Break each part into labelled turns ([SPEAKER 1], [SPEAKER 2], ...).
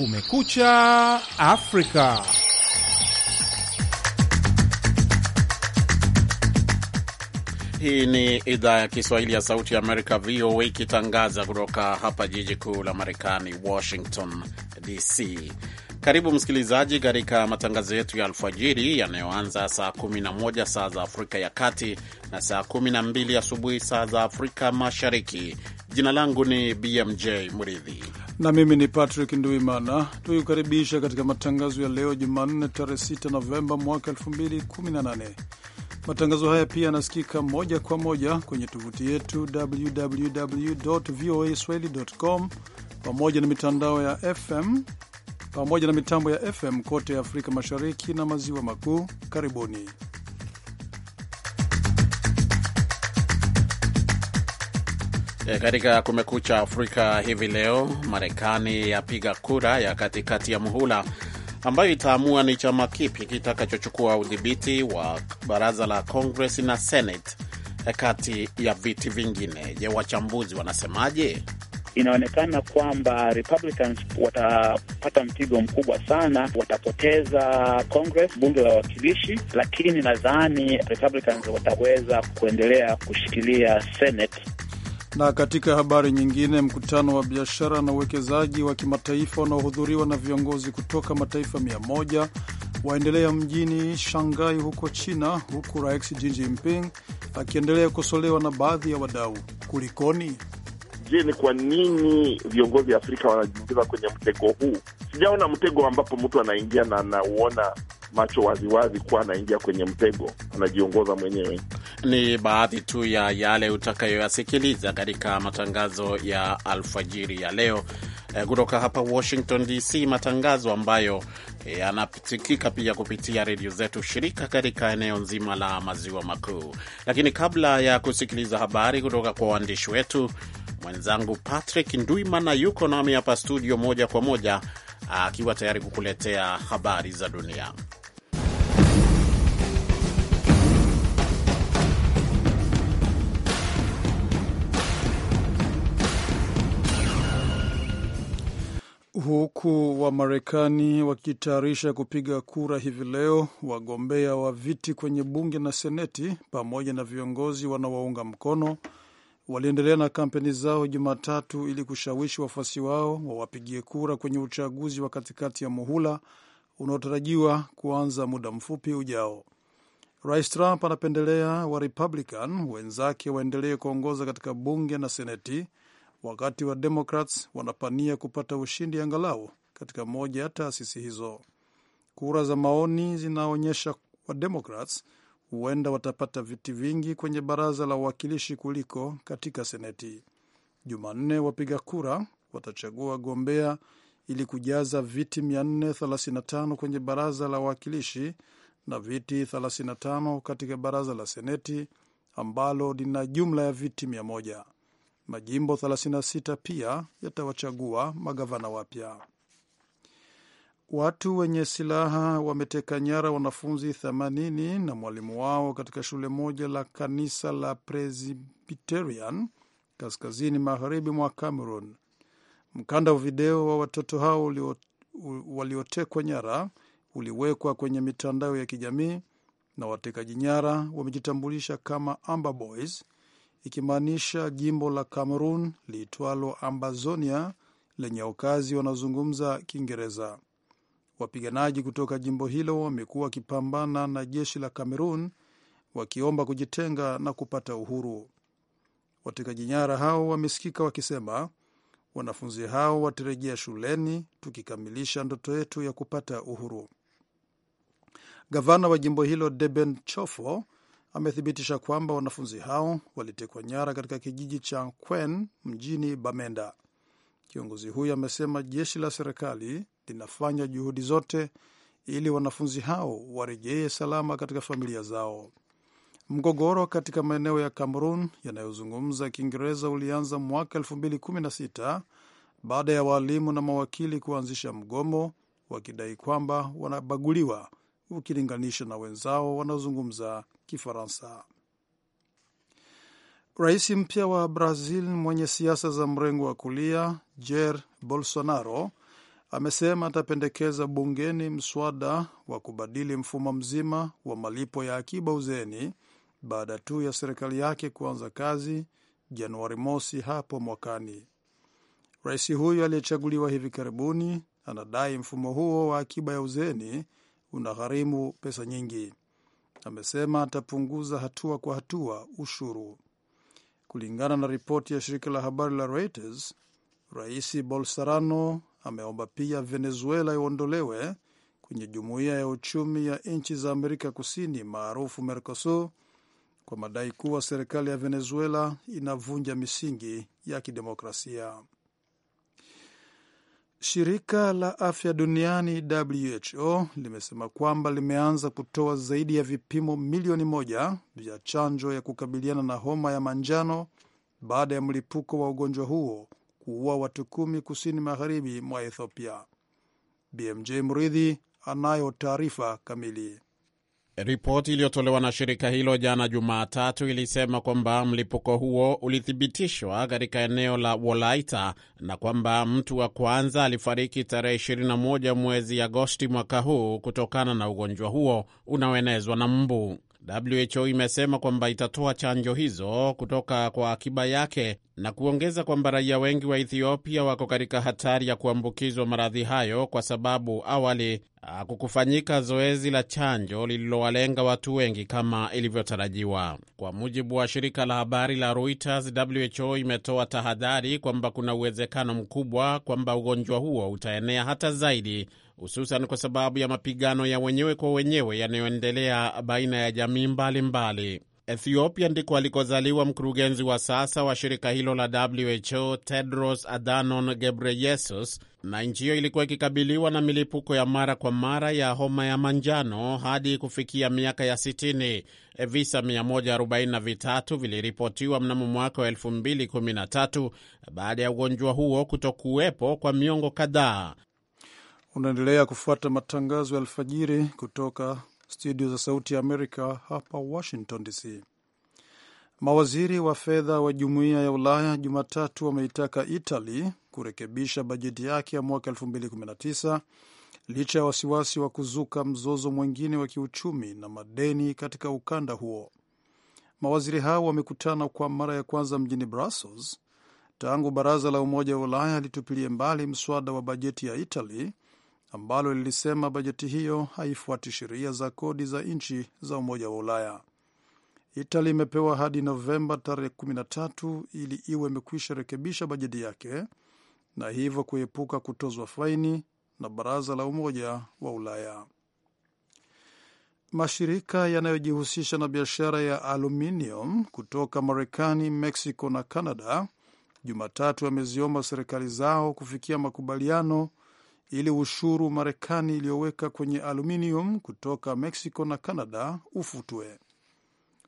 [SPEAKER 1] Kumekucha Afrika.
[SPEAKER 2] Hii ni idhaa ya Kiswahili ya Sauti ya Amerika, VOA, ikitangaza kutoka hapa jiji kuu la Marekani, Washington DC. Karibu msikilizaji, katika matangazo yetu ya alfajiri yanayoanza saa 11 saa za Afrika ya Kati na saa 12 asubuhi saa za Afrika Mashariki. Jina langu ni BMJ Mridhi
[SPEAKER 3] na mimi ni Patrick Nduimana, tukikukaribisha katika matangazo ya leo Jumanne tarehe 6 Novemba mwaka 2018. Matangazo haya pia yanasikika moja kwa moja kwenye tovuti yetu www voa swahili.com, pamoja na mitandao ya FM pamoja na mitambo ya FM kote Afrika Mashariki na Maziwa Makuu. Karibuni.
[SPEAKER 2] E, katika Kumekucha Afrika hivi leo, Marekani yapiga kura ya katikati ya muhula ambayo itaamua ni chama kipi kitakachochukua udhibiti wa baraza la Congress na Senate eh, kati ya viti vingine. Je, wachambuzi wanasemaje?
[SPEAKER 4] Inaonekana kwamba Republicans watapata mpigo mkubwa sana, watapoteza Congress, bunge la wawakilishi, lakini nadhani Republicans wataweza kuendelea kushikilia Senate
[SPEAKER 3] na katika habari nyingine, mkutano wa biashara na uwekezaji wa kimataifa unaohudhuriwa na viongozi kutoka mataifa 100 waendelea mjini Shanghai huko China, huku Rais Xi Jinping akiendelea kukosolewa na baadhi ya wadau. Kulikoni?
[SPEAKER 1] Je, ni kwa nini viongozi wa Afrika wanajiingiza kwenye mtego huu? Sijaona mtego ambapo mtu anaingia na anauona macho waziwazi kuwa anaingia kwenye mtego, anajiongoza mwenyewe.
[SPEAKER 2] Ni baadhi tu ya yale utakayoyasikiliza katika matangazo ya alfajiri ya leo eh, kutoka hapa Washington DC, matangazo ambayo eh, yanasikika pia kupitia redio zetu shirika katika eneo nzima la maziwa makuu. Lakini kabla ya kusikiliza habari kutoka kwa waandishi wetu, mwenzangu Patrick Ndwimana yuko nami hapa studio moja kwa moja akiwa tayari kukuletea habari za dunia.
[SPEAKER 3] Huku Wamarekani wakitayarisha kupiga kura hivi leo, wagombea wa viti kwenye bunge na seneti pamoja na viongozi wanaowaunga mkono waliendelea na kampeni zao Jumatatu ili kushawishi wafuasi wao wawapigie kura kwenye uchaguzi wa katikati ya muhula unaotarajiwa kuanza muda mfupi ujao. Rais Trump anapendelea wa Republican wenzake waendelee kuongoza katika bunge na seneti wakati wa Democrats wanapania kupata ushindi angalau katika moja ya taasisi hizo. Kura za maoni zinaonyesha Democrats huenda watapata viti vingi kwenye baraza la wawakilishi kuliko katika Seneti. Jumanne wapiga kura watachagua gombea ili kujaza viti 435 kwenye baraza la wawakilishi na viti 35 katika baraza la Seneti ambalo lina jumla ya viti Majimbo 36 pia yatawachagua magavana wapya. Watu wenye silaha wameteka nyara wanafunzi 80 na mwalimu wao katika shule moja la kanisa la Presbyterian kaskazini magharibi mwa Cameroon. Mkanda wa video wa watoto hao waliotekwa nyara uliwekwa kwenye mitandao ya kijamii na watekaji nyara wamejitambulisha kama Amber Boys ikimaanisha jimbo la Cameroon liitwalo Ambazonia lenye wakazi wanaozungumza Kiingereza. Wapiganaji kutoka jimbo hilo wamekuwa wakipambana na jeshi la Cameroon wakiomba kujitenga na kupata uhuru. Watekaji nyara hao wamesikika wakisema, wanafunzi hao watarejea shuleni tukikamilisha ndoto yetu ya kupata uhuru. Gavana wa jimbo hilo Deben Chofo amethibitisha kwamba wanafunzi hao walitekwa nyara katika kijiji cha Kwen mjini Bamenda. Kiongozi huyo amesema jeshi la serikali linafanya juhudi zote ili wanafunzi hao warejee salama katika familia zao. Mgogoro katika maeneo ya Cameroon yanayozungumza Kiingereza ulianza mwaka 2016 baada ya waalimu na mawakili kuanzisha mgomo wakidai kwamba wanabaguliwa ukilinganisha na wenzao wanaozungumza Kifaransa. Rais mpya wa Brazil mwenye siasa za mrengo wa kulia Jair Bolsonaro amesema atapendekeza bungeni mswada wa kubadili mfumo mzima wa malipo ya akiba uzeni baada tu ya serikali yake kuanza kazi Januari mosi hapo mwakani. Rais huyo aliyechaguliwa hivi karibuni anadai mfumo huo wa akiba ya uzeni unagharimu pesa nyingi. Amesema atapunguza hatua kwa hatua ushuru. Kulingana na ripoti ya shirika la habari la Reuters, Rais Bolsonaro ameomba pia Venezuela iondolewe kwenye jumuiya ya uchumi ya nchi za Amerika Kusini maarufu Mercosur kwa madai kuwa serikali ya Venezuela inavunja misingi ya kidemokrasia. Shirika la afya duniani WHO limesema kwamba limeanza kutoa zaidi ya vipimo milioni moja vya chanjo ya kukabiliana na homa ya manjano baada ya mlipuko wa ugonjwa huo kuua watu kumi kusini magharibi mwa Ethiopia. BMJ Mridhi anayo taarifa kamili.
[SPEAKER 2] Ripoti iliyotolewa na shirika hilo jana Jumatatu ilisema kwamba mlipuko huo ulithibitishwa katika eneo la Wolaita na kwamba mtu wa kwanza alifariki tarehe 21 mwezi Agosti mwaka huu kutokana na ugonjwa huo unaoenezwa na mbu. WHO imesema kwamba itatoa chanjo hizo kutoka kwa akiba yake na kuongeza kwamba raia wengi wa Ethiopia wako katika hatari ya kuambukizwa maradhi hayo kwa sababu awali ah, hakukufanyika zoezi la chanjo lililowalenga watu wengi kama ilivyotarajiwa. Kwa mujibu wa shirika la habari la Reuters, WHO imetoa tahadhari kwamba kuna uwezekano mkubwa kwamba ugonjwa huo utaenea hata zaidi hususan kwa sababu ya mapigano ya wenyewe kwa wenyewe yanayoendelea baina ya jamii mbalimbali mbali. Ethiopia ndiko alikozaliwa mkurugenzi wa sasa wa shirika hilo la WHO Tedros Adhanom Ghebreyesus, na nchi hiyo ilikuwa ikikabiliwa na milipuko ya mara kwa mara ya homa ya manjano hadi kufikia miaka ya 60. Visa 143 viliripotiwa mnamo mwaka wa 2013 baada ya ugonjwa huo kutokuwepo kwa miongo kadhaa.
[SPEAKER 3] Unaendelea kufuata matangazo ya alfajiri kutoka studio za Sauti ya Amerika hapa Washington DC. Mawaziri wa fedha wa Jumuiya ya Ulaya Jumatatu wameitaka Italy kurekebisha bajeti yake ya mwaka 2019 licha ya wasiwasi wa kuzuka mzozo mwingine wa kiuchumi na madeni katika ukanda huo. Mawaziri hao wamekutana kwa mara ya kwanza mjini Brussels tangu baraza la Umoja wa Ulaya litupilie mbali mswada wa bajeti ya Italy ambalo lilisema bajeti hiyo haifuati sheria za kodi za nchi za Umoja wa Ulaya. itali imepewa hadi Novemba tarehe 13 ili iwe imekwisha rekebisha bajeti yake na hivyo kuepuka kutozwa faini na baraza la Umoja wa Ulaya. Mashirika yanayojihusisha na biashara ya aluminium kutoka Marekani, Mexico na Canada Jumatatu yameziomba serikali zao kufikia makubaliano ili ushuru Marekani iliyoweka kwenye aluminium kutoka Mexico na Canada ufutwe.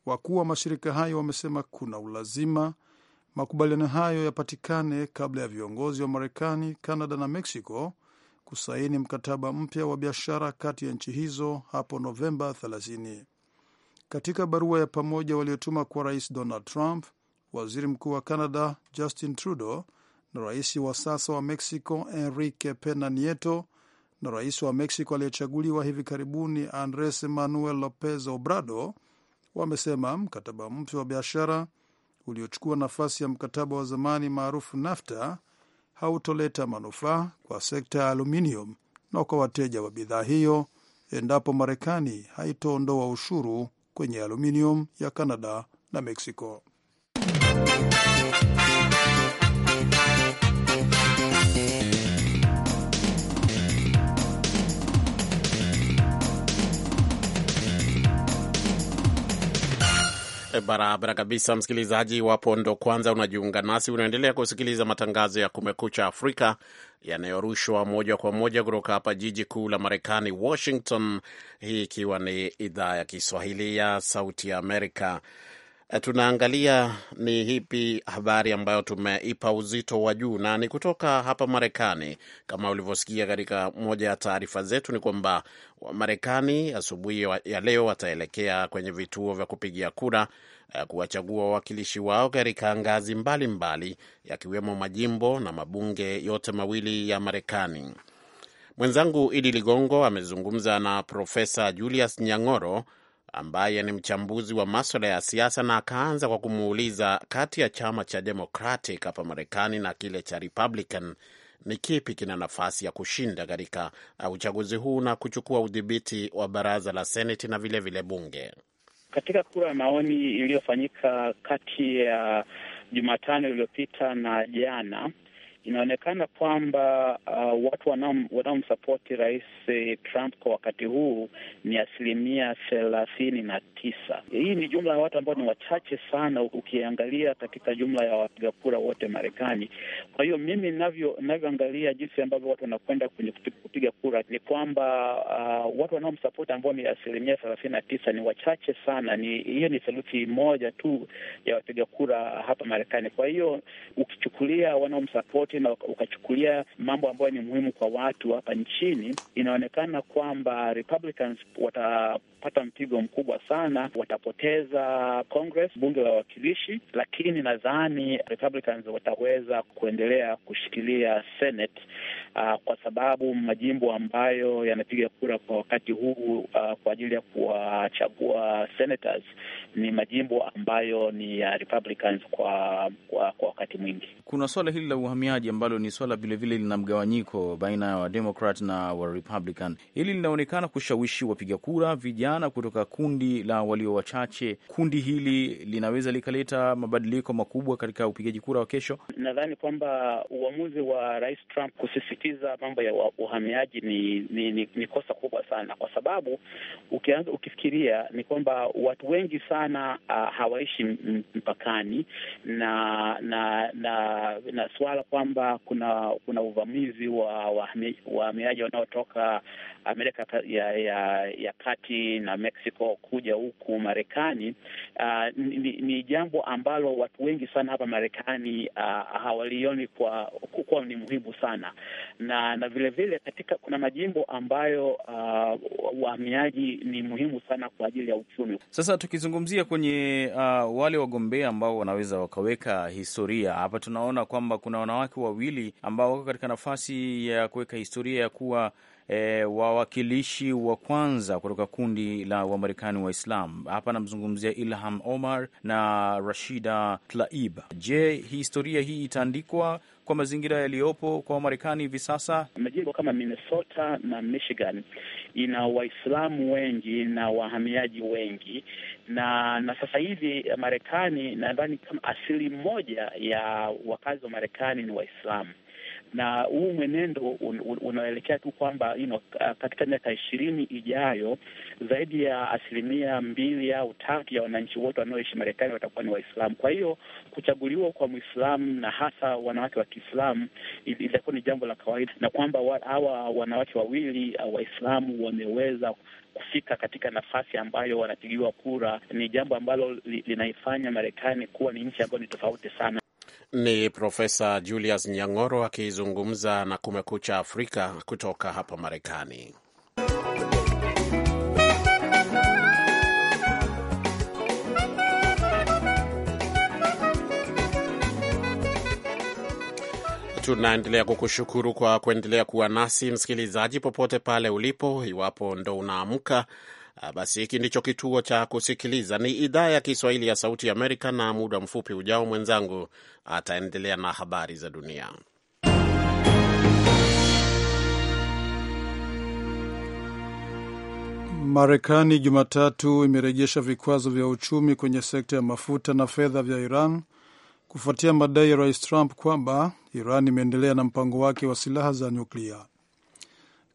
[SPEAKER 3] Wakuu wa mashirika hayo wamesema kuna ulazima makubaliano hayo yapatikane kabla ya viongozi wa Marekani, Canada na Mexico kusaini mkataba mpya wa biashara kati ya nchi hizo hapo Novemba 30. Katika barua ya pamoja waliotuma kwa Rais Donald Trump, waziri mkuu wa Canada Justin Trudeau na rais wa sasa wa Mexico Enrique Pena Nieto na rais wa Mexico aliyechaguliwa hivi karibuni Andres Manuel Lopez Obrador wamesema mkataba mpya wa biashara uliochukua nafasi ya mkataba wa zamani maarufu NAFTA hautoleta manufaa kwa sekta ya aluminium na kwa wateja wa bidhaa hiyo endapo Marekani haitoondoa ushuru kwenye aluminium ya Canada na Mexico.
[SPEAKER 2] Eh, barabara kabisa, msikilizaji. Iwapo ndo kwanza unajiunga nasi, unaendelea kusikiliza matangazo ya Kumekucha Afrika yanayorushwa moja kwa moja kutoka hapa jiji kuu la Marekani, Washington, hii ikiwa ni idhaa ya Kiswahili ya Sauti ya Amerika. Eh, tunaangalia ni hipi habari ambayo tumeipa uzito wa juu, na ni kutoka hapa Marekani. Kama ulivyosikia katika moja ya taarifa zetu, ni kwamba Wamarekani asubuhi ya leo wataelekea kwenye vituo vya kupigia kura eh, kuwachagua wawakilishi wao katika ngazi mbalimbali, yakiwemo majimbo na mabunge yote mawili ya Marekani. Mwenzangu Idi Ligongo amezungumza na Profesa Julius Nyang'oro ambaye ni mchambuzi wa maswala ya siasa, na akaanza kwa kumuuliza kati ya chama cha Democratic hapa Marekani na kile cha Republican ni kipi kina nafasi ya kushinda katika uh, uchaguzi huu na kuchukua udhibiti wa baraza la Seneti na vilevile vile bunge.
[SPEAKER 4] Katika kura ya maoni iliyofanyika kati ya Jumatano iliyopita na jana inaonekana kwamba uh, watu wanaomsapoti rais eh, Trump kwa wakati huu ni asilimia thelathini na tisa. Hii ni jumla ya watu ambao ni wachache sana ukiangalia katika jumla ya wapiga kura wote Marekani. Kwa hiyo mimi navyoangalia jinsi ambavyo watu wanakwenda kwenye kupiga kura ni kwamba uh, watu wanaomsapoti ambao ni asilimia thelathini na tisa ni wachache sana, ni hiyo ni theluthi moja tu ya wapiga kura hapa Marekani. Kwa hiyo ukichukulia wanaomsapoti na ukachukulia mambo ambayo ni muhimu kwa watu hapa nchini, inaonekana kwamba Republicans watapata mpigo mkubwa sana, watapoteza Congress, bunge la wawakilishi, lakini nadhani Republicans wataweza kuendelea kushikilia Senate uh, kwa sababu majimbo ambayo yanapiga kura kwa wakati huu uh, kwa ajili ya kuwachagua senators ni majimbo ambayo ni ya Republicans kwa, kwa, kwa wakati mwingi.
[SPEAKER 2] Kuna swala hili la uhamiaji uchaguzi ambalo ni swala vilevile lina mgawanyiko baina ya wademokrat na wa Hili linaonekana kushawishi wapiga kura vijana kutoka kundi la walio wachache. Kundi hili linaweza likaleta mabadiliko makubwa katika upigaji kura wa kesho.
[SPEAKER 4] Nadhani kwamba uamuzi wa Rais Trump kusisitiza mambo ya uhamiaji ni, ni, ni, ni kosa kubwa sana, kwa sababu ukianza ukifikiria ni kwamba watu wengi sana uh, hawaishi mpakani na na na, na suala kwamba kwamba kuna kuna uvamizi wa wahamiaji wanaotoka Amerika ya, ya, ya kati na Mexico kuja huku Marekani uh, ni, ni jambo ambalo watu wengi sana hapa Marekani uh, hawalioni kwa itakuwa ni muhimu sana, na na vilevile vile katika kuna majimbo ambayo uhamiaji uh, ni muhimu sana kwa ajili ya
[SPEAKER 1] uchumi.
[SPEAKER 2] Sasa tukizungumzia kwenye uh, wale wagombea ambao wanaweza wakaweka historia hapa, tunaona kwamba kuna wanawake wawili ambao wako katika nafasi ya kuweka historia ya kuwa e, wawakilishi wa kwanza kutoka kundi la Wamarekani wa Islam. Hapa anamzungumzia Ilham Omar na Rashida Tlaib. Je, historia hii itaandikwa kwa mazingira yaliyopo kwa Wamarekani hivi sasa? Majimbo kama
[SPEAKER 4] Minnesota na Michigan ina Waislamu wengi na wahamiaji wengi, na na sasa hivi Marekani nadhani kama asili moja ya wakazi wa Marekani ni Waislamu na huu mwenendo unaelekea tu kwamba you know, katika miaka ishirini ijayo zaidi ya asilimia mbili au tatu ya wananchi wote wanaoishi Marekani watakuwa ni Waislamu. Kwa hiyo kuchaguliwa kwa Mwislamu na hasa wanawake wa Kiislamu itakuwa ni jambo la kawaida, na kwamba hawa wanawake wawili uh, Waislamu wameweza kufika katika nafasi ambayo wanapigiwa kura ni jambo ambalo linaifanya Marekani kuwa ni nchi ambayo ni tofauti sana.
[SPEAKER 2] Ni Profesa Julius Nyang'oro akizungumza na Kumekucha Afrika kutoka hapa Marekani. Tunaendelea kukushukuru kwa kuendelea kuwa nasi msikilizaji, popote pale ulipo. Iwapo ndo unaamka Ah, basi hiki ndicho kituo cha kusikiliza, ni idhaa ya Kiswahili ya Sauti Amerika, na muda mfupi ujao mwenzangu ataendelea na habari za dunia.
[SPEAKER 3] Marekani Jumatatu imerejesha vikwazo vya uchumi kwenye sekta ya mafuta na fedha vya Iran kufuatia madai ya Rais Trump kwamba Iran imeendelea na mpango wake wa silaha za nyuklia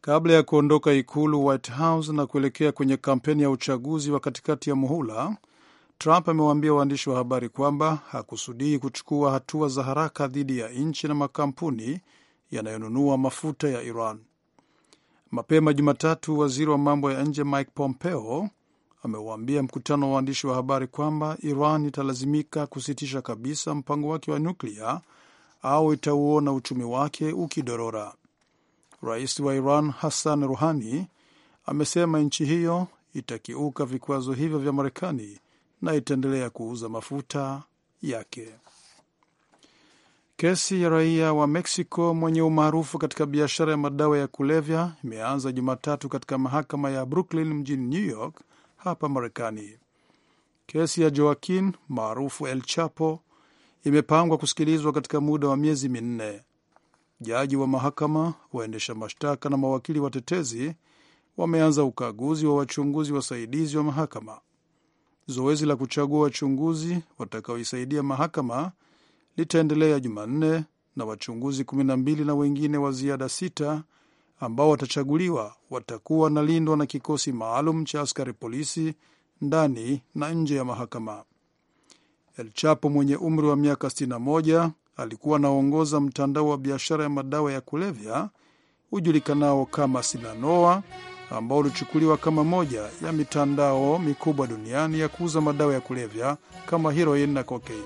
[SPEAKER 3] kabla ya kuondoka ikulu White House na kuelekea kwenye kampeni ya uchaguzi wa katikati ya muhula. Trump amewaambia waandishi wa habari kwamba hakusudii kuchukua hatua za haraka dhidi ya nchi na makampuni yanayonunua mafuta ya Iran. Mapema Jumatatu, waziri wa mambo ya nje Mike Pompeo amewaambia mkutano wa waandishi wa habari kwamba Iran italazimika kusitisha kabisa mpango wake wa nyuklia au itauona uchumi wake ukidorora. Rais wa Iran Hassan Ruhani amesema nchi hiyo itakiuka vikwazo hivyo vya Marekani na itaendelea kuuza mafuta yake. Kesi ya raia wa Mexico mwenye umaarufu katika biashara ya madawa ya kulevya imeanza Jumatatu katika mahakama ya Brooklyn mjini New York hapa Marekani. Kesi ya Joaquin maarufu El Chapo imepangwa kusikilizwa katika muda wa miezi minne. Jaji wa mahakama, waendesha mashtaka na mawakili watetezi wameanza ukaguzi wa wachunguzi wasaidizi wa mahakama. Zoezi la kuchagua wachunguzi watakaoisaidia mahakama litaendelea Jumanne na wachunguzi 12 na wengine wa ziada sita ambao watachaguliwa watakuwa wanalindwa na kikosi maalum cha askari polisi ndani na nje ya mahakama. El Chapo mwenye umri wa miaka alikuwa anaongoza mtandao wa biashara ya madawa ya kulevya hujulikanao kama sinanoa ambao ulichukuliwa kama moja ya mitandao mikubwa duniani ya kuuza madawa ya kulevya kama heroin na cokain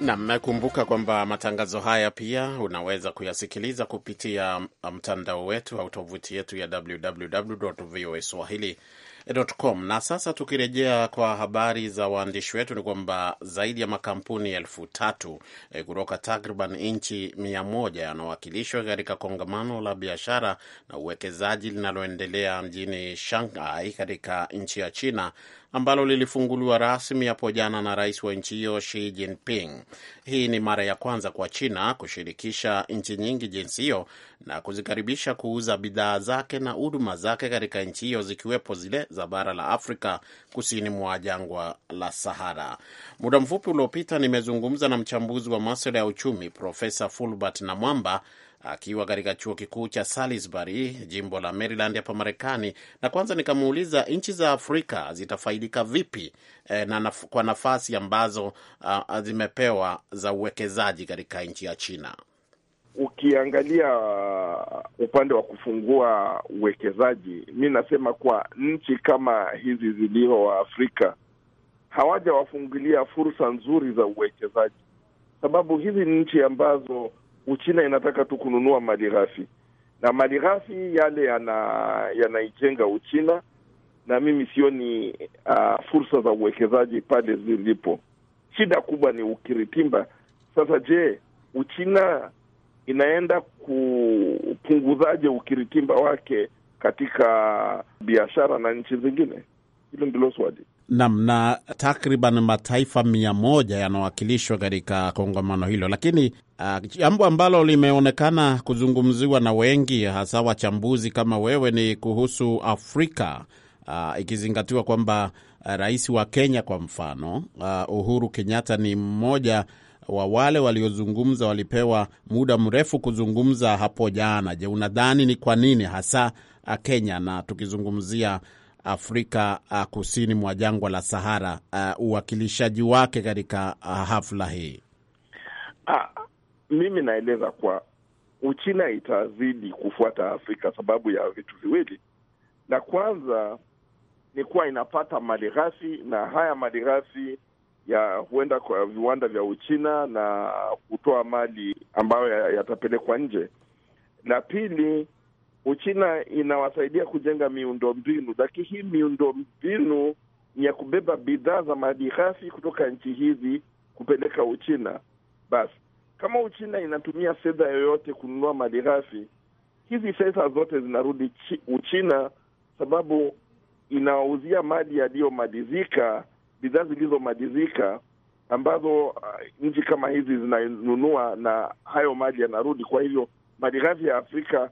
[SPEAKER 2] Nam, kumbuka kwamba matangazo haya pia unaweza kuyasikiliza kupitia um, mtandao wetu au tovuti yetu ya www voa swahili com. Na sasa tukirejea kwa habari za waandishi wetu ni kwamba zaidi ya makampuni elfu tatu e, kutoka takriban nchi mia moja yanawakilishwa katika kongamano la biashara na uwekezaji linaloendelea mjini Shanghai katika nchi ya China ambalo lilifunguliwa rasmi hapo jana na rais wa nchi hiyo Xi Jinping. Hii ni mara ya kwanza kwa China kushirikisha nchi nyingi jinsi hiyo na kuzikaribisha kuuza bidhaa zake na huduma zake katika nchi hiyo zikiwepo zile za bara la Afrika kusini mwa jangwa la Sahara. Muda mfupi uliopita nimezungumza na mchambuzi wa maswala ya uchumi Profesa Fulbert Namwamba akiwa katika chuo kikuu cha Salisbury jimbo la Maryland hapa Marekani, na kwanza nikamuuliza nchi za Afrika zitafaidika vipi e, na naf kwa nafasi ambazo ah, zimepewa za uwekezaji katika nchi ya China.
[SPEAKER 1] Ukiangalia uh, upande wa kufungua uwekezaji, mi nasema kwa nchi kama hizi zilio wa Afrika hawajawafungulia fursa nzuri za uwekezaji, sababu hizi ni nchi ambazo Uchina inataka tu kununua mali ghafi na mali ghafi yale yanaijenga yana Uchina, na mimi sioni uh, fursa za uwekezaji pale zilipo. Shida kubwa ni ukiritimba. Sasa je, Uchina inaenda kupunguzaje ukiritimba wake katika biashara na nchi zingine? Hilo
[SPEAKER 2] ndilo swali. Naam, na takriban mataifa mia moja yanawakilishwa katika kongamano hilo, lakini ah, jambo uh, ambalo limeonekana kuzungumziwa na wengi, hasa wachambuzi kama wewe, ni kuhusu Afrika uh, ikizingatiwa kwamba uh, rais wa Kenya kwa mfano uh, Uhuru Kenyatta ni mmoja wa wale waliozungumza walipewa muda mrefu kuzungumza hapo jana. Je, unadhani ni kwa nini hasa Kenya na tukizungumzia Afrika kusini mwa jangwa la Sahara, uwakilishaji wake katika hafla hii?
[SPEAKER 1] Ah, mimi naeleza kwa Uchina itazidi kufuata Afrika sababu ya vitu viwili. La kwanza ni kuwa inapata mali ghafi na haya mali ghafi ya huenda kwa viwanda vya Uchina na kutoa mali ambayo yatapelekwa nje. La pili, Uchina inawasaidia kujenga miundombinu, lakini hii miundombinu ni ya kubeba bidhaa za mali ghafi kutoka nchi hizi kupeleka Uchina. Basi kama Uchina inatumia fedha yoyote kununua mali ghafi, hizi fedha zote zinarudi Uchina, sababu inawauzia mali yaliyomalizika bidhaa zilizomalizika ambazo uh, nchi kama hizi zinanunua na hayo maji yanarudi. Kwa hivyo malighafi ya Afrika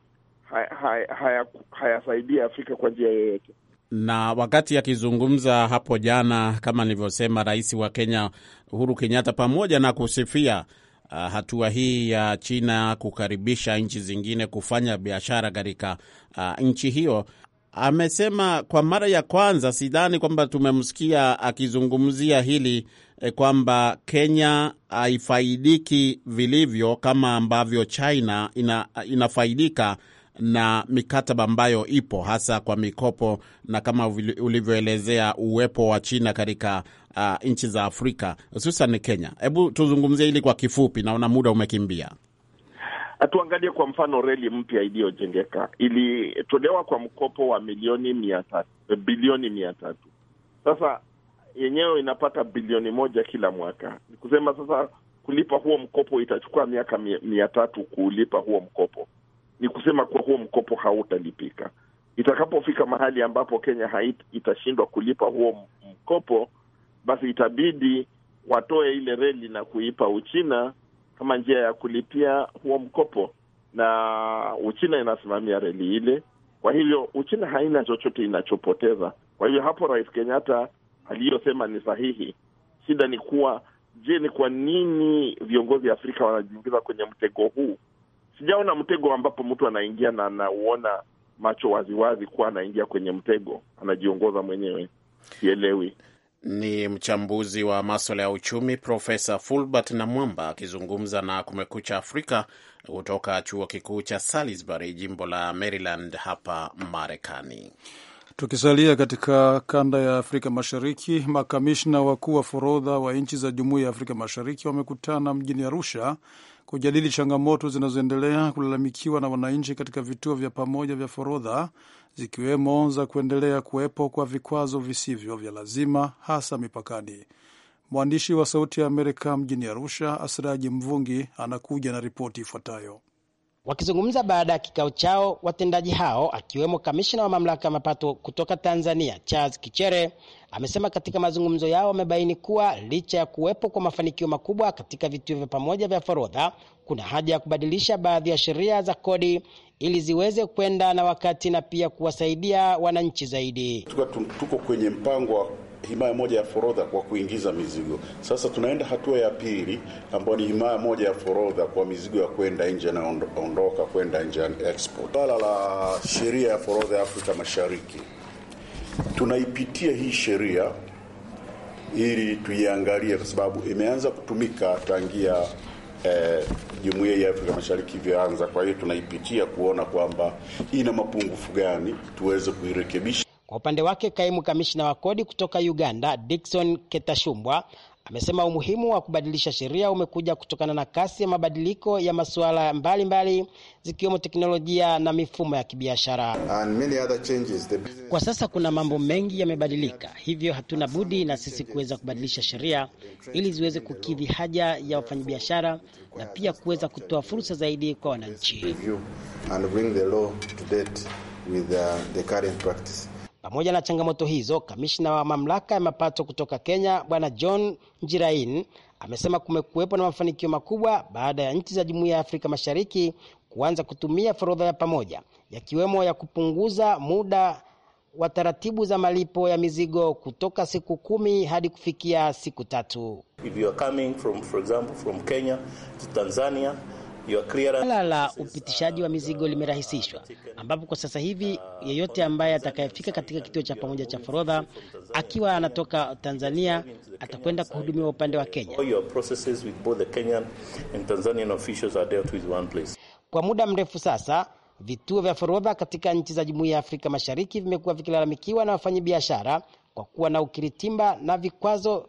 [SPEAKER 1] hayasaidii haya, haya Afrika kwa njia yoyote.
[SPEAKER 2] Na wakati akizungumza hapo jana, kama nilivyosema, rais wa Kenya Uhuru Kenyatta, pamoja na kusifia uh, hatua hii ya China kukaribisha nchi zingine kufanya biashara katika uh, nchi hiyo, amesema kwa mara ya kwanza, sidhani kwamba tumemsikia akizungumzia hili e, kwamba Kenya haifaidiki vilivyo kama ambavyo China ina, inafaidika na mikataba ambayo ipo hasa kwa mikopo na kama ulivyoelezea uwepo wa China katika uh, nchi za Afrika hususan Kenya. Hebu tuzungumzie hili kwa kifupi, naona muda umekimbia.
[SPEAKER 1] Tuangalie kwa mfano reli mpya iliyojengeka ilitolewa kwa mkopo wa milioni mia tatu bilioni mia tatu sasa yenyewe inapata bilioni moja kila mwaka. Ni kusema sasa kulipa huo mkopo itachukua miaka mia, mia tatu kuulipa huo mkopo. Ni kusema kuwa huo mkopo hautalipika. Itakapofika mahali ambapo Kenya hait, itashindwa kulipa huo mkopo, basi itabidi watoe ile reli na kuipa Uchina kama njia ya kulipia huo mkopo, na Uchina inasimamia reli ile. Kwa hivyo Uchina haina chochote inachopoteza. Kwa hivyo hapo Rais Kenyatta aliyosema ni sahihi. Shida ni kuwa, je, ni kwa nini viongozi wa Afrika wanajiingiza kwenye mtego huu? Sijaona mtego ambapo mtu anaingia na anauona macho waziwazi kuwa anaingia kwenye mtego, anajiongoza
[SPEAKER 2] mwenyewe. Sielewi. Ni mchambuzi wa maswala ya uchumi Profesa Fulbert Namwamba akizungumza na Kumekucha Afrika kutoka chuo kikuu cha Salisbury, jimbo la Maryland hapa Marekani.
[SPEAKER 3] Tukisalia katika kanda ya Afrika Mashariki, makamishna wakuu wa forodha wa nchi za Jumuiya ya Afrika Mashariki wamekutana mjini Arusha kujadili changamoto zinazoendelea kulalamikiwa na wananchi katika vituo vya pamoja vya forodha zikiwemo za kuendelea kuwepo kwa vikwazo visivyo vya lazima, hasa mipakani. Mwandishi wa Sauti ya Amerika mjini Arusha, Asiraji Mvungi, anakuja na ripoti ifuatayo. Wakizungumza baada
[SPEAKER 5] ya kikao chao, watendaji hao akiwemo kamishina wa mamlaka ya mapato kutoka Tanzania Charles Kichere amesema katika mazungumzo yao wamebaini kuwa licha ya kuwepo kwa mafanikio makubwa katika vituo vya pamoja vya forodha, kuna haja ya kubadilisha baadhi ya sheria za kodi ili ziweze kwenda na wakati na pia kuwasaidia wananchi zaidi. Tuko
[SPEAKER 2] kwenye mpango himaya moja ya forodha kwa kuingiza mizigo. Sasa tunaenda hatua ya pili ambayo ni himaya moja ya forodha kwa mizigo ya kwenda nje na ondoka kwenda nje export. Swala la sheria ya forodha ya Afrika Mashariki,
[SPEAKER 1] tunaipitia hii sheria ili tuiangalie, kwa sababu imeanza kutumika
[SPEAKER 2] tangia eh, jumuiya ya Afrika Mashariki ivyoanza. Kwa hiyo tunaipitia kuona kwamba ina mapungufu gani tuweze kuirekebisha.
[SPEAKER 5] Kwa upande wake kaimu kamishna wa kodi kutoka Uganda Dickson Ketashumbwa amesema umuhimu wa kubadilisha sheria umekuja kutokana na kasi ya mabadiliko ya masuala mbalimbali zikiwemo teknolojia na mifumo ya kibiashara. Kwa sasa kuna mambo mengi yamebadilika, hivyo hatuna budi na sisi kuweza kubadilisha sheria ili ziweze kukidhi haja ya wafanyabiashara na pia kuweza kutoa fursa zaidi kwa wananchi. Pamoja na changamoto hizo, kamishna wa mamlaka ya mapato kutoka Kenya Bwana John Njirain amesema kumekuwepo na mafanikio makubwa baada ya nchi za Jumuiya ya Afrika Mashariki kuanza kutumia forodha ya pamoja, yakiwemo ya kupunguza muda wa taratibu za malipo ya mizigo kutoka siku kumi hadi kufikia siku tatu.
[SPEAKER 2] If you are coming from, for example, from Kenya to Tanzania Suala
[SPEAKER 5] la upitishaji wa mizigo limerahisishwa, ambapo kwa sasa hivi yeyote ambaye atakayefika katika kituo cha pamoja cha forodha akiwa anatoka Tanzania atakwenda kuhudumiwa upande wa Kenya. Kwa muda mrefu sasa vituo vya forodha katika nchi za Jumuiya ya Afrika Mashariki vimekuwa vikilalamikiwa na wafanyabiashara kwa kuwa na ukiritimba na vikwazo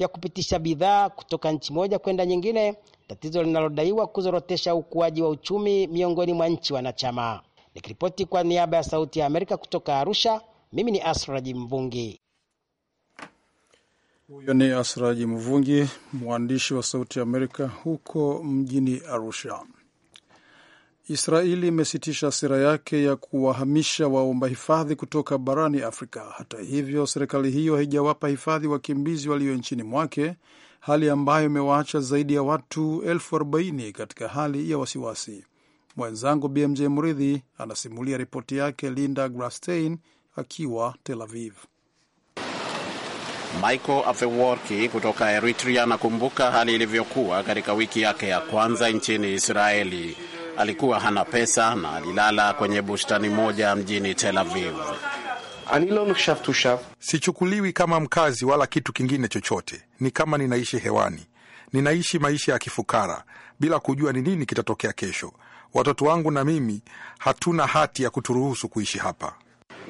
[SPEAKER 5] vya kupitisha bidhaa kutoka nchi moja kwenda nyingine, tatizo linalodaiwa kuzorotesha ukuaji wa uchumi miongoni mwa nchi wanachama. Nikiripoti kwa niaba ya Sauti ya Amerika kutoka Arusha, mimi ni Asraji Mvungi.
[SPEAKER 3] Huyo ni Asraji Mvungi, mwandishi wa Sauti ya Amerika huko mjini Arusha. Israeli imesitisha sera yake ya kuwahamisha waomba hifadhi kutoka barani Afrika. Hata hivyo, serikali hiyo haijawapa hifadhi wakimbizi walio nchini mwake, hali ambayo imewaacha zaidi ya watu elfu arobaini katika hali ya wasiwasi. Mwenzangu BMJ Mridhi anasimulia ripoti yake. Linda Grastein akiwa Tel Aviv.
[SPEAKER 2] Michael Afeworki kutoka Eritrea anakumbuka hali ilivyokuwa katika wiki yake ya kwanza nchini Israeli alikuwa hana pesa na alilala kwenye bustani moja mjini Tel Aviv.
[SPEAKER 3] Sichukuliwi kama mkazi wala kitu kingine chochote, ni kama ninaishi hewani. Ninaishi maisha ya kifukara bila kujua ni nini kitatokea kesho. Watoto wangu na mimi hatuna hati ya kuturuhusu kuishi hapa.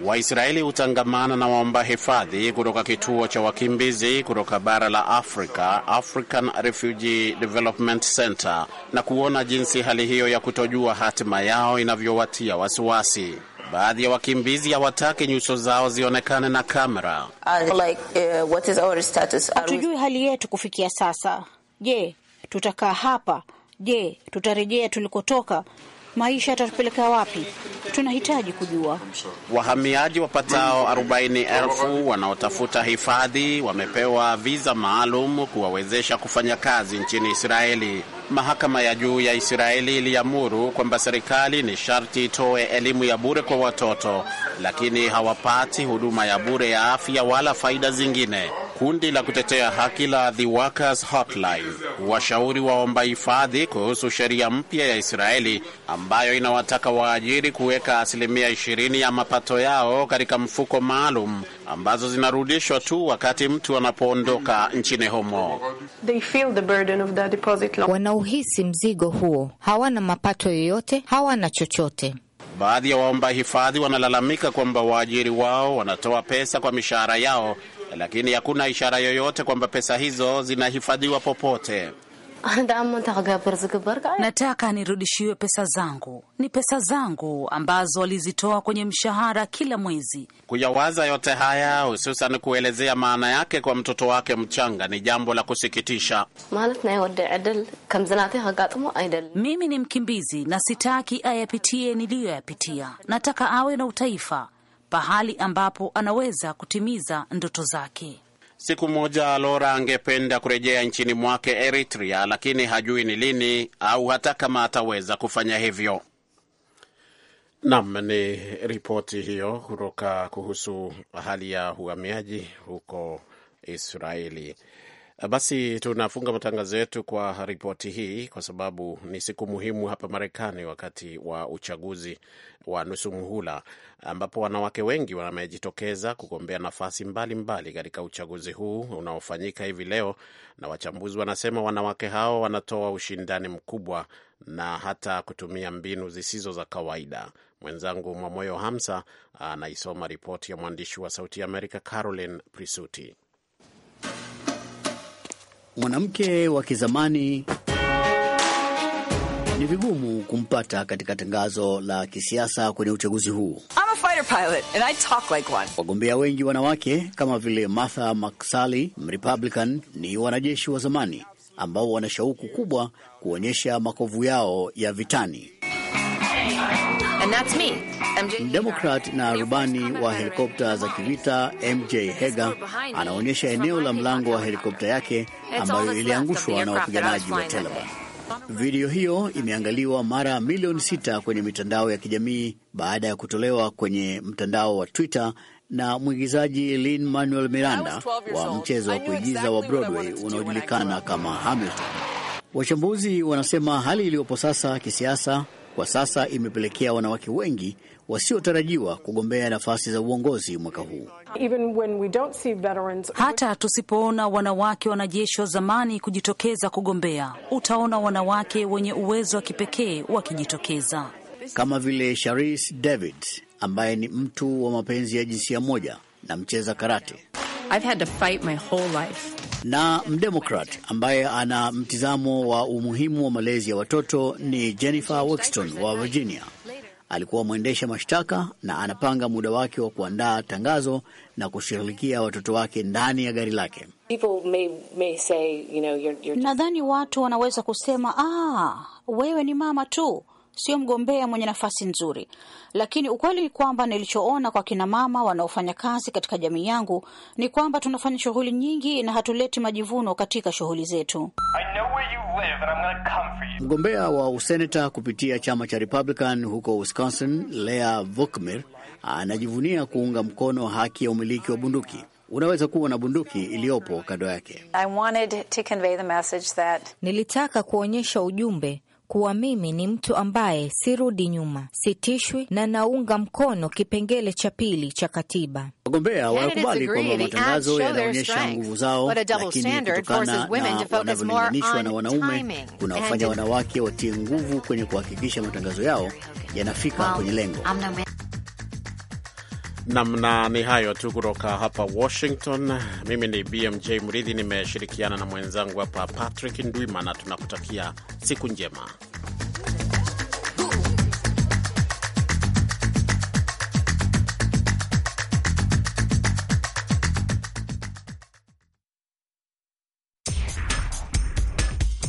[SPEAKER 2] Waisraeli hutangamana na waomba hifadhi kutoka kituo cha wakimbizi kutoka bara la Afrika, African Refugee Development Center, na kuona jinsi hali hiyo ya kutojua hatima yao inavyowatia wasiwasi. Baadhi ya wakimbizi hawataki nyuso zao zionekane na kamera.
[SPEAKER 5] Uh, uh, Hatujui hali yetu kufikia sasa. Je,
[SPEAKER 6] tutakaa hapa? Je, tutarejea tulikotoka? maisha yatatupeleka wapi? Tunahitaji kujua.
[SPEAKER 2] Wahamiaji wapatao 40,000 wanaotafuta hifadhi wamepewa viza maalum kuwawezesha kufanya kazi nchini Israeli. Mahakama ya juu ya Israeli iliamuru kwamba serikali ni sharti itoe elimu ya bure kwa watoto, lakini hawapati huduma ya bure ya afya wala faida zingine. Kundi la kutetea haki la The Workers Hotline washauri waomba hifadhi kuhusu sheria mpya ya Israeli ambayo inawataka waajiri kuweka asilimia 20 ya mapato yao katika mfuko maalum ambazo zinarudishwa tu wakati mtu anapoondoka nchini humo.
[SPEAKER 5] Wanauhisi mzigo huo, hawana mapato yoyote, hawana chochote.
[SPEAKER 2] Baadhi ya waomba hifadhi wanalalamika kwamba waajiri wao wanatoa pesa kwa mishahara yao lakini hakuna ishara yoyote kwamba pesa hizo zinahifadhiwa popote.
[SPEAKER 5] Nataka nirudishiwe pesa zangu, ni pesa zangu ambazo walizitoa kwenye mshahara kila mwezi.
[SPEAKER 2] Kuyawaza yote haya, hususan kuelezea maana yake kwa mtoto wake mchanga, ni jambo la kusikitisha.
[SPEAKER 5] Mimi ni mkimbizi na sitaki ayapitie niliyoyapitia. Nataka awe na utaifa pahali ambapo anaweza kutimiza ndoto zake.
[SPEAKER 2] Siku moja Lora angependa kurejea nchini mwake Eritrea, lakini hajui ni lini au hata kama ataweza kufanya hivyo. Nam, ni ripoti hiyo kutoka kuhusu hali ya uhamiaji huko Israeli. Ah, basi tunafunga matangazo yetu kwa ripoti hii, kwa sababu ni siku muhimu hapa Marekani, wakati wa uchaguzi wa nusu muhula, ambapo wanawake wengi wamejitokeza kugombea nafasi mbalimbali katika uchaguzi huu unaofanyika hivi leo, na wachambuzi wanasema wanawake hao wanatoa ushindani mkubwa na hata kutumia mbinu zisizo za kawaida. Mwenzangu Mwamoyo Hamsa anaisoma ripoti ya mwandishi wa Sauti ya Amerika Caroline Prisuti
[SPEAKER 6] mwanamke wa kizamani ni vigumu kumpata katika tangazo la kisiasa kwenye uchaguzi huu. Like wagombea wengi wanawake kama vile Martha Maksali Mrepublican ni wanajeshi wa zamani ambao wana shauku kubwa kuonyesha makovu yao ya vitani.
[SPEAKER 3] And that's me.
[SPEAKER 6] Mdemokrat na rubani wa helikopta za kivita MJ Hega anaonyesha eneo la mlango wa helikopta yake ambayo iliangushwa na wapiganaji wa Taliban. Video hiyo imeangaliwa mara milioni sita kwenye mitandao ya kijamii baada ya kutolewa kwenye mtandao wa Twitter na mwigizaji Lin Manuel Miranda wa mchezo wa kuigiza wa Broadway unaojulikana kama Hamilton. Wachambuzi wanasema hali iliyopo sasa kisiasa kwa sasa imepelekea wanawake wengi wasiotarajiwa kugombea nafasi za uongozi mwaka huu.
[SPEAKER 5] Hata tusipoona wanawake wanajeshi wa zamani kujitokeza kugombea, utaona wanawake wenye uwezo wa kipekee wakijitokeza
[SPEAKER 6] kama vile Sharis David ambaye ni mtu wa mapenzi ya jinsia moja na mcheza karate
[SPEAKER 2] I've had to fight my whole life.
[SPEAKER 6] Na mdemokrat ambaye ana mtizamo wa umuhimu wa malezi ya watoto ni Jennifer Wexton wa Virginia alikuwa mwendesha mashtaka na anapanga muda wake wa kuandaa tangazo na kushirikia watoto wake ndani ya gari lake. Nadhani watu wanaweza kusema ah, wewe ni mama tu sio mgombea mwenye nafasi nzuri, lakini ukweli ni kwamba nilichoona kwa kinamama wanaofanya kazi katika jamii yangu ni kwamba tunafanya shughuli nyingi na hatuleti majivuno katika shughuli zetu. Mgombea wa useneta kupitia chama cha Republican huko Wisconsin, Lea Vukmir anajivunia kuunga mkono haki ya umiliki wa bunduki. Unaweza kuwa na bunduki iliyopo kando yake.
[SPEAKER 5] I wanted to convey the message that... nilitaka kuonyesha ujumbe kuwa mimi ni mtu ambaye sirudi nyuma, sitishwi na naunga mkono kipengele cha pili cha katiba.
[SPEAKER 6] Wagombea wanakubali kwamba matangazo yanaonyesha nguvu zao, lakini kutokana na wanavyolinganishwa na wanaume kunawafanya wanawake
[SPEAKER 2] watie nguvu kwenye
[SPEAKER 6] kuhakikisha matangazo yao yanafika kwenye lengo
[SPEAKER 2] namna ni hayo tu kutoka hapa Washington. Mimi ni BMJ Mridhi, nimeshirikiana na mwenzangu hapa Patrick Ndwimana. Tunakutakia siku njema.